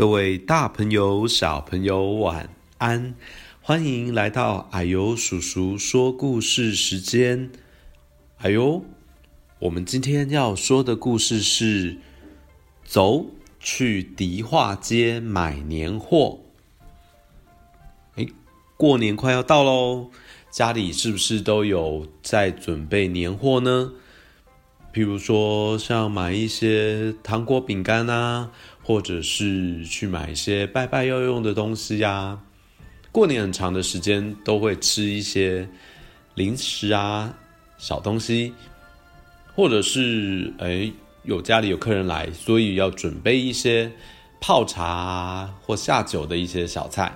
各位大朋友、小朋友，晚安！歡迎來到啊呦叔叔說故事時間。啊呦，我們今天要說的故事是：走，去迪化街買年貨。哎，過年快要到嘍，家裡是不是都有在準備年貨呢？譬如說，像買一些糖果、餅乾呐、啊。或者是去買一些拜拜要用的東西呀、啊。過年很長的時間都會吃一些零食啊、小東西，或者是、哎、有家裡有客人來，所以要準備一些泡茶或下酒的一些小菜。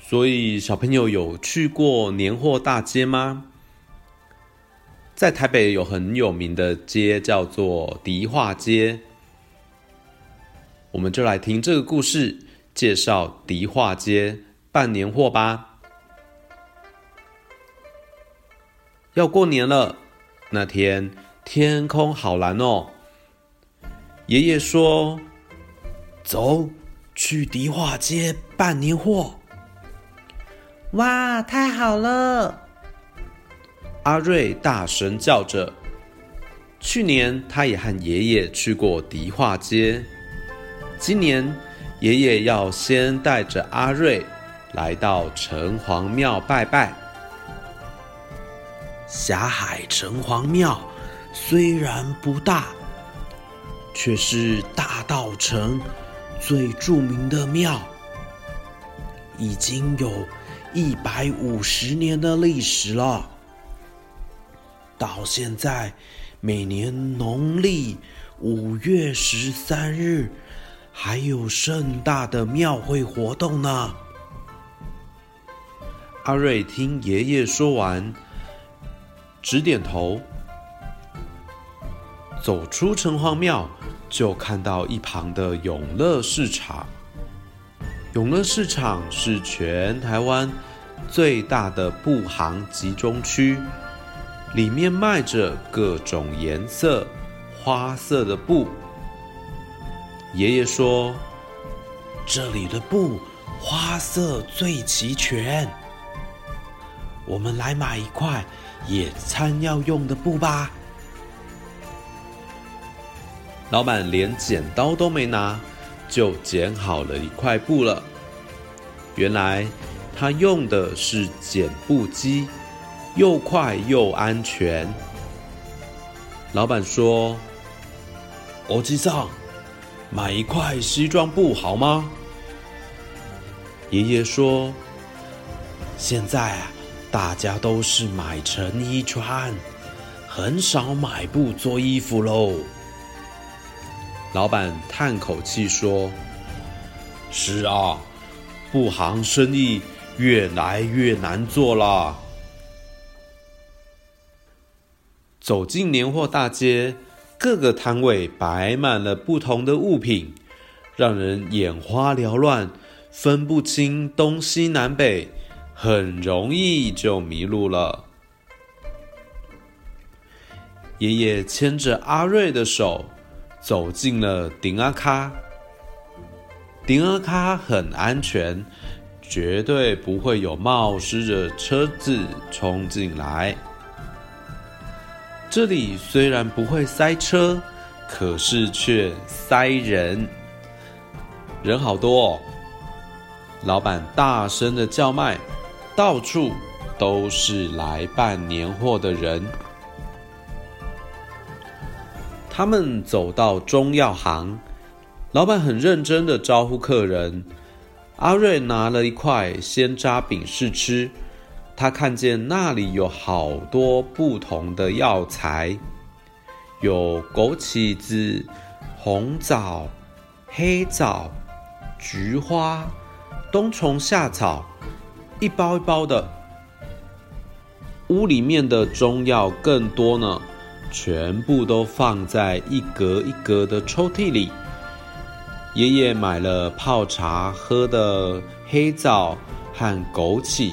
所以小朋友有去過年貨大街嗎？在台北有很有名的街叫做迪化街。我們就來聽這個故事，介紹迪化街辦年貨吧。要過年了，那天天空好藍哦。爺爺說：“走，去迪化街辦年貨。”哇，太好了！阿瑞大聲叫着。去年他也和爺爺去過迪化街。今年，爺爺要先帶着阿瑞來到城隍廟拜拜。霞海城隍廟雖然不大，卻是大稻埕最著名的廟，已經有一百五十年的歷史了。到現在，每年農曆五月十三日。還有盛大的廟會活動呢。阿瑞聽爺爺說完，直點頭。走出城隍廟，就看到一旁的永樂市場。永樂市場是全台灣最大的布行集中區，裡面賣着各種顏色、花色的布。爺爺說：“這裡的布花色最齊全，我們來買一塊野餐要用的布吧。”老板連剪刀都沒拿，就剪好了一塊布了。原來他用的是剪布機，又快又安全。老板說：“我知道買一塊西裝布好嗎？爺爺說：“現在大家都是買成衣穿，很少買布做衣服嘍。”老板嘆口氣說：“是啊，布行生意越來越難做了。”走進年貨大街。各個攤位擺滿了不同的物品，讓人眼花繚亂，分不清東西南北，很容易就迷路了。爺爺牽着阿瑞的手，走進了亭仔腳。亭仔腳很安全，絕對不會有冒失的車子衝進來。這裡雖然不會塞車，可是卻塞人，人好多哦。老闆大聲的叫賣，到處都是來辦年貨的人。他們走到中藥行，老闆很認真的招呼客人。阿瑞拿了一塊仙楂餅試吃。他看見那裡有好多不同的藥材，有枸杞子、紅棗、黑棗、菊花、冬蟲夏草，一包一包的。屋裡面的中藥更多呢，全部都放在一格一格的抽屜裡。爺爺買了泡茶喝的黑棗和枸杞。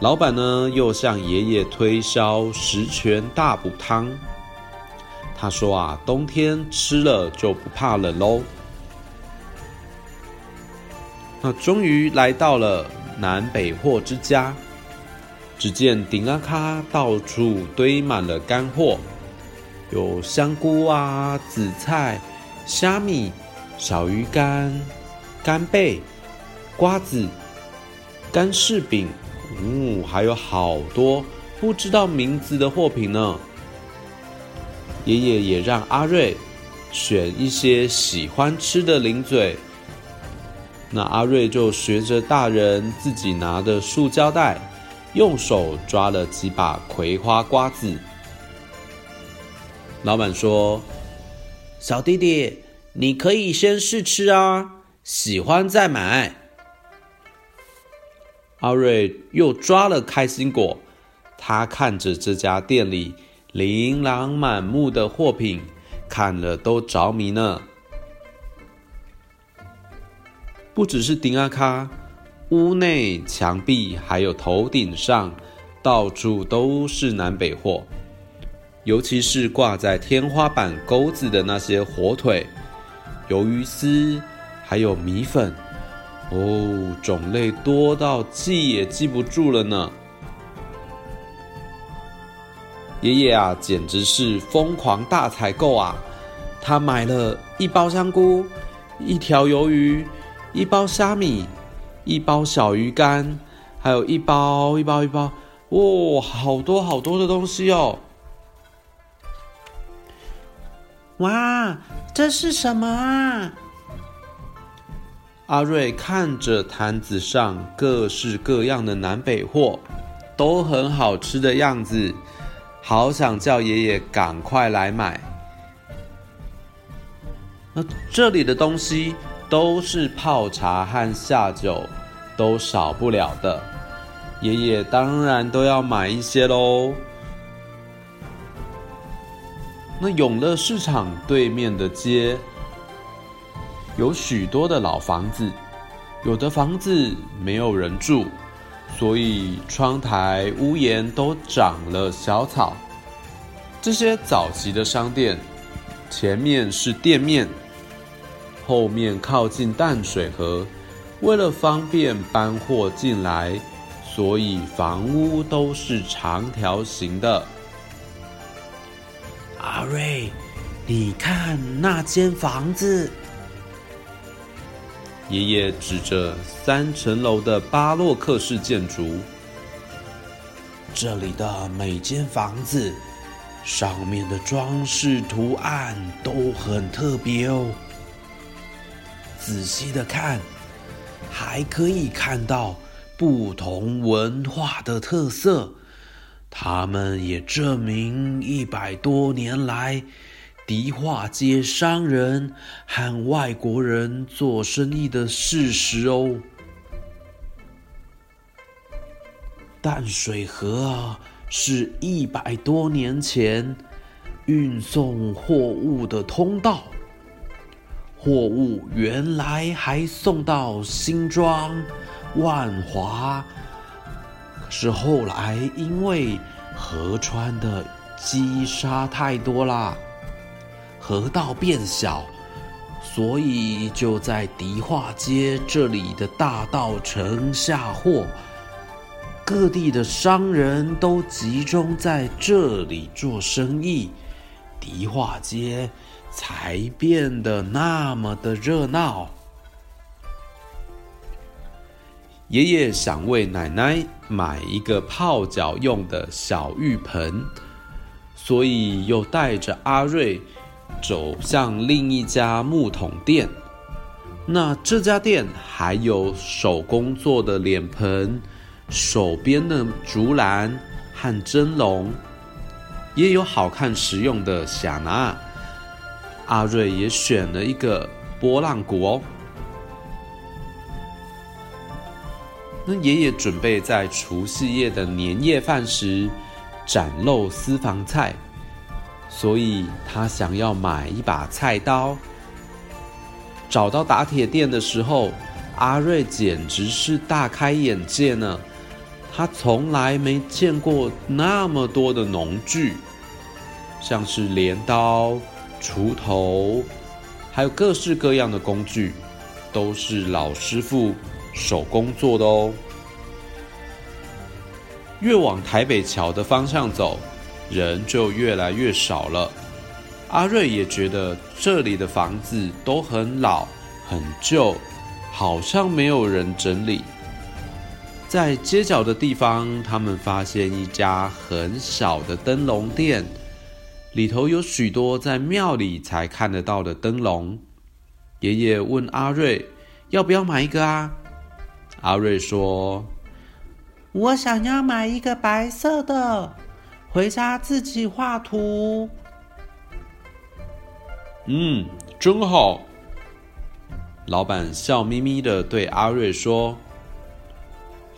老闆呢，又向爺爺推銷十全大補湯。他說啊，冬天吃了就不怕冷嘍。那終於來到了南北貨之家，只見頂阿卡到處堆滿了乾貨，有香菇啊、紫菜、蝦米、小魚乾、干貝、瓜子、乾柿餅。嗯，還有好多不知道名字的貨品呢。爺爺也讓阿瑞選一些喜歡吃的零嘴，那阿瑞就學着大人自己拿的塑膠袋，用手抓了幾把葵花瓜子。老闆說：“小弟弟，你可以先試吃啊，喜歡再買。”阿瑞又抓了開心果，他看着這家店裡琳琅滿目的貨品，看了都着迷呢。不只是亭仔腳，屋內牆壁還有頭頂上，到處都是南北貨，尤其是掛在天花板鈎子的那些火腿、魷魚絲，還有米粉。哦，種類多到記也記不住了呢。爺爺啊，簡直是瘋狂大採購啊！他買了一包香菇，一條魷魚，一包蝦米，一包小魚乾，還有一包一包一包。哇，哦，好多好多的東西哦！哇，這是什麼啊？阿瑞看着攤子上各式各樣的南北貨，都很好吃的樣子，好想叫爺爺趕快來買。那這裡的東西都是泡茶和下酒，都少不了的，爺爺當然都要買一些嘍。那永樂市場對面的街。有許多的老房子，有的房子沒有人住，所以窗台、屋檐都長了小草。這些早期的商店，前面是店面，後面靠近淡水河。為了方便搬貨進來，所以房屋都是長條形的。阿瑞，你看那間房子。爺爺指着三層樓的巴洛克式建築，這裡的每間房子上面的裝飾圖案都很特別哦。仔細的看，還可以看到不同文化的特色，它們也證明一百多年來，迪化街商人和外國人做生意的事實哦。淡水河啊，是一百多年前運送貨物的通道。貨物原來還送到新莊、萬華，可是後來因為河川的積沙太多啦。河道變小，所以就在迪化街這裡的大稻埕下貨。各地的商人都集中在這裡做生意，迪化街才變得那麼的熱鬧。爺爺想為奶奶買一個泡腳用的小浴盆，所以又帶着阿瑞。走向另一家木桶店，那這家店還有手工做的臉盆、手編的竹籃和蒸籠，也有好看實用的響拿。阿瑞也選了一個撥浪鼓哦。那爺爺準備在除夕夜的年夜飯時展露私房菜。所以他想要買一把菜刀。找到打鐵店的時候，阿瑞簡直是大開眼界呢！他從來沒見過那麼多的農具，像是鐮刀、鋤頭，還有各式各樣的工具，都是老師傅手工做的哦。越往台北橋的方向走，人就越來越少了。阿瑞也覺得這裡的房子都很老、很舊，好像沒有人整理。在街角的地方，他們發現一家很小的燈籠店，裡頭有許多在廟裡才看得到的燈籠。爺爺問阿瑞：“要不要買一個啊？”阿瑞說：“我想要買一個白色的。”回家自己畫圖，嗯，真好。老闆笑眯眯的對阿瑞說：“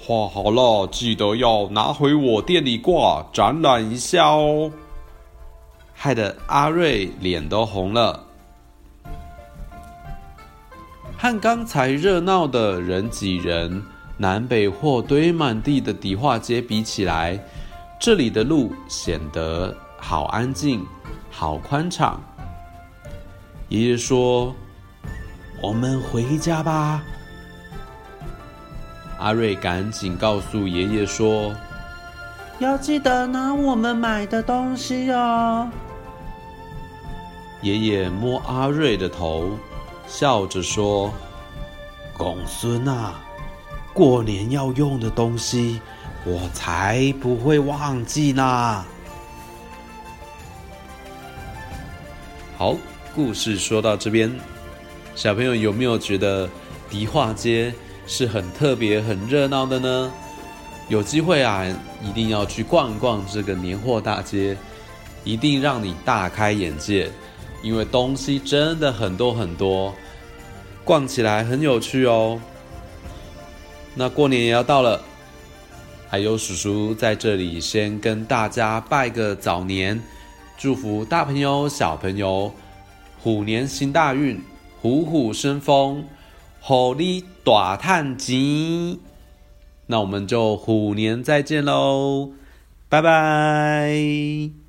畫好了，記得要拿回我店裡掛展覽一下哦。”害得阿瑞臉都紅了。和剛才熱鬧的人擠人、南北貨堆滿地的迪化街比起來，這裡的路顯得好安靜，好寬敞。爺爺說：“我們回家吧。”阿瑞趕緊告訴爺爺說：“要記得拿我們買的東西哦。”爺爺摸阿瑞的頭，笑着說：“公孫啊，過年要用的東西。”我才不會忘記呢！好，故事說到這邊，小朋友有沒有覺得迪化街是很特別、很熱鬧的呢？有機會啊，一定要去逛逛這個年貨大街，一定讓你大開眼界，因為東西真的很多很多，逛起來很有趣哦。那過年也要到了。還有，叔叔在這裡先跟大家拜個早年，祝福大朋友小朋友，虎年行大運，虎虎生風，虎力大探金。那我們就虎年再見嘍，拜拜。